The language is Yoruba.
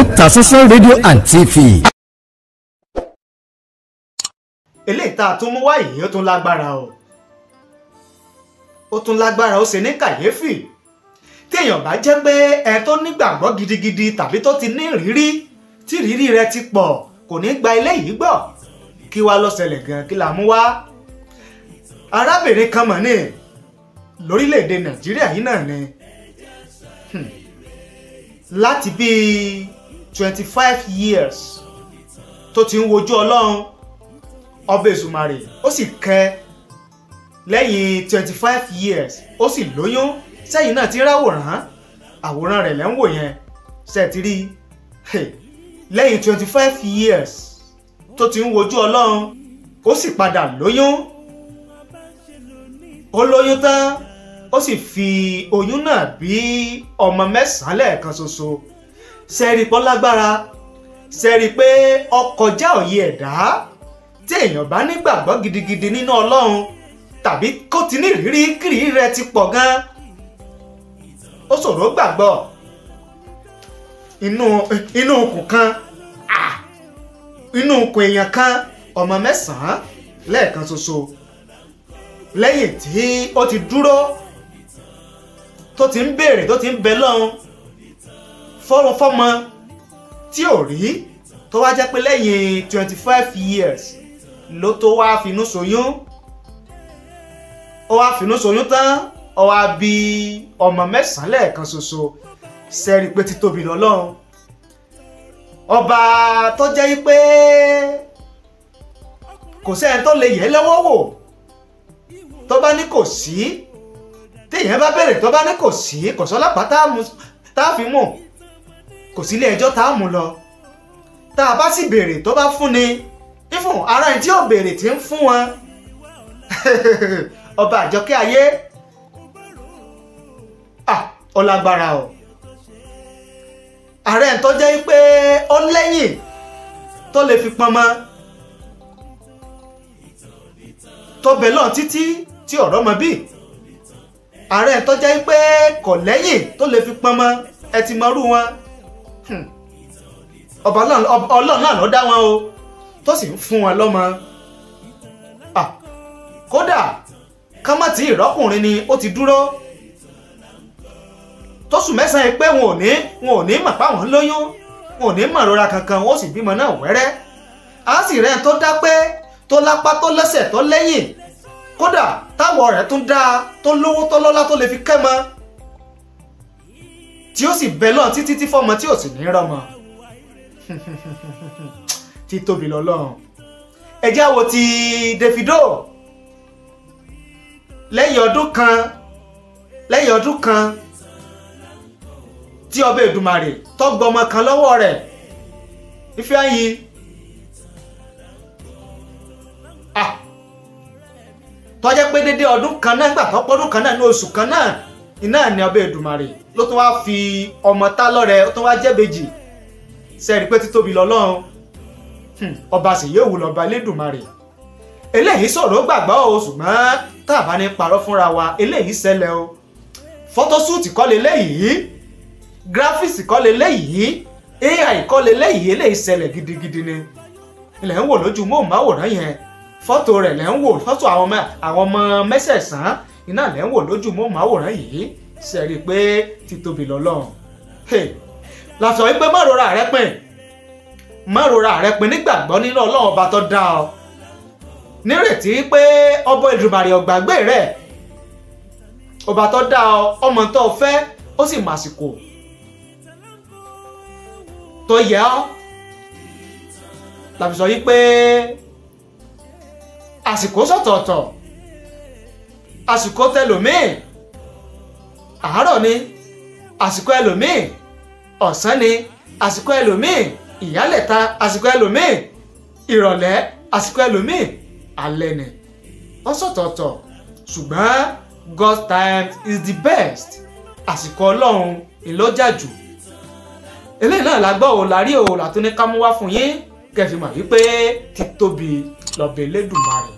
Otasansan rédíò and TV. eléyìí tá a tún mú wá yìí ó tún lágbára o ó tún lágbára ó ṣe ní kàyéfì téèyàn bá jẹ́ pé ẹ tó nígbàgbọ́ gidigidi tàbí tó ti ní ìrírí tí ìrírí rẹ ti pọ̀ kò ní gba eléyìí gbọ́ kí wá ló gan kí la mú wá arábìnrin kan mọ̀ ní lórílẹ̀‐èdè Nàìjíríà yìí náà ni. Hmm láti bíi twenty five years tó ti ń wojú ọlọ́run ọba èzùmarè ó sì kẹ́ lẹ́yìn twenty five years ó sì lóyún sẹ́yìn náà ti ráwòrán àwòrán rẹ̀ lẹ́ ń wò yẹn ṣe ti rí lẹ́yìn twenty five years tó ti ń wojú ọlọ́run ó sì padà lóyún ó lóyún tán ó sì fi oyún náà bí ọmọ mẹ́sàn-án lẹ́ẹ̀kan ṣoṣo sẹ́ẹ̀rì pọ́ lágbára sẹ́ẹ̀rì pé ọkọjá òye ẹ̀dá tí èèyàn bá nígbàgbọ́ gidigidi nínú ọlọ́run tàbí kó ti ní ìrírí kìrì rẹ ti pọ̀ gan ó ṣòro gbàgbọ́ inú inú okùn kan inú okùn èèyàn kan ọmọ mẹ́sàn-án lẹ́ẹ̀kan ṣoṣo lẹ́yìn tí ó ti dúró tó ti ń béèrè tó ti ń bẹ lọ́run fọ́run fọ́mọ tí ò rí tó wá jẹ́ pé lẹ́yìn twenty five years ló tó wá finú ṣoyún ó wá finú ṣoyún tán ó wá bí ọmọ mẹ́sàn-án lẹ́ẹ̀kan ṣoṣo sẹ́rí pé títóbi lọ́lọ́run ọba tó jẹ́ pé kò sẹ́ni tó lè yẹ̀ lọ́wọ́ wò tó bá ní kò sí. Si, téèyàn bá bẹ̀rẹ̀ tó bá ní kò sí kò sọ́lọ́pàá tá a fi mú kò sí ilé ẹjọ́ tá a mú lọ tá a bá sì béèrè tó bá fún ni ifun ara ẹni tí ò béèrè ti ń fún wọn ọba àjọkẹ́ ayé ó o ààrẹ tó jẹ́ pé ó lẹ́yìn tó lè fi pọnmọ́ tó bẹ̀ lọ́n títí tí ọ̀rọ̀ mọ bíi ààrẹ tó jẹ́ pé kò lẹ́yìn tó lè fi pọnmọ ẹ ti mọrú wọn hmm. ọba ọlọ́run náà ló dá wọn o tó sì ń fún wọn lọ́mọ kódà ká má ti ìrọ́kùnrin ni ó ti dúró tóṣù mẹ́sàn-án pé wọn ò ní wọn ò ní mọ̀ páwọn lóyún wọn ò ní mọ̀ rora kankan wọn ó sì bímọ náà wẹ́rẹ́ á sì rẹ́ tó dá pé tó lápá tó lẹ́sẹ̀ tó lẹ́yìn kódà táwọn ọ̀rẹ́ tún dáa tó lówó tó lọ́lá tó lè fi kẹ́mọ tí ó sì bẹ lọ́n títí tí fọmọ tí ò sì ní rọmọ tí tóbi lọ́lọ́run ẹ àwọ̀ ti Davido lẹ́yìn ọdún kan lẹ́yìn ọdún kan tí ọba Èdùmàrè tó gbọmọ kan lọ́wọ́ rẹ̀ Ifeanyi tó jẹ́ pé dédé ọdún kan náà nígbà tó pọ́dún kan náà ní oṣù kan náà iná ní ọbẹ̀ Èdùmàrè ló tún wáá fi ọmọ tá lọ́rẹ̀ ó tún wáá jẹ́bejì sẹ́ẹ̀rí pé títóbi lọ́lọ́run hmm, ọba ṣèyíòwú lọ́ba Elédùmarè eléyìí sọ̀rọ̀ gbàgbọ́ o ṣùgbọ́n tá a bá ní parọ́ fúnra wa eléyìí ṣẹlẹ̀ o fọ́tọ́súùtì kọ́ leléyìí gíráfíìsì kọ́ leléyìí AI kọ́ leléyìí eléyìí ṣẹlẹ̀ gidigidi ni ilẹ̀ ń wò lójú móhùnmáwòrán yẹn fọ́tò rẹ̀ lẹ́ ń wò fọ́tò àwọn ọmọ àwọn ọmọ mẹ́sẹ̀sán iná lẹ́ ń wò lójú móhùnmáwòrán yìí ṣe rí i pé ti tóbi lọ́lọ́run làṣọ wípé má rora rẹ pin má rora rẹ pin nígbàgbọ́ nínú ọlọ́run ọba tó dá ọ nírètí pé ọbọ ìdùmarè ọ̀gbàgbé rẹ ọba tó dá ọ ọmọ tó fẹ́ ó sì màsìkò tó yẹ ọ làbìsọ yìí pé àsìkò sọ̀tọ̀ọ̀tọ̀ àsìkò tẹlòmíì àárọ̀ ni àsìkò ẹlòmíì ọ̀sán ni àsìkò ẹlòmíì ìyálẹ̀ta àsìkò ẹlòmíì ìrọ̀lẹ́ àsìkò ẹlòmíì alẹ́ ni ọ̀sọ̀tọ̀ọ̀tọ̀ ṣùgbọ́n God's time is the best àsìkò ọlọ́run ìlọ́jà jù eléyìí náà la gbọ́ ò la rí ò làtúní ká mú wá fún yín kẹfì mà wípé títóbi lọ́bẹ̀ Elédùmarè.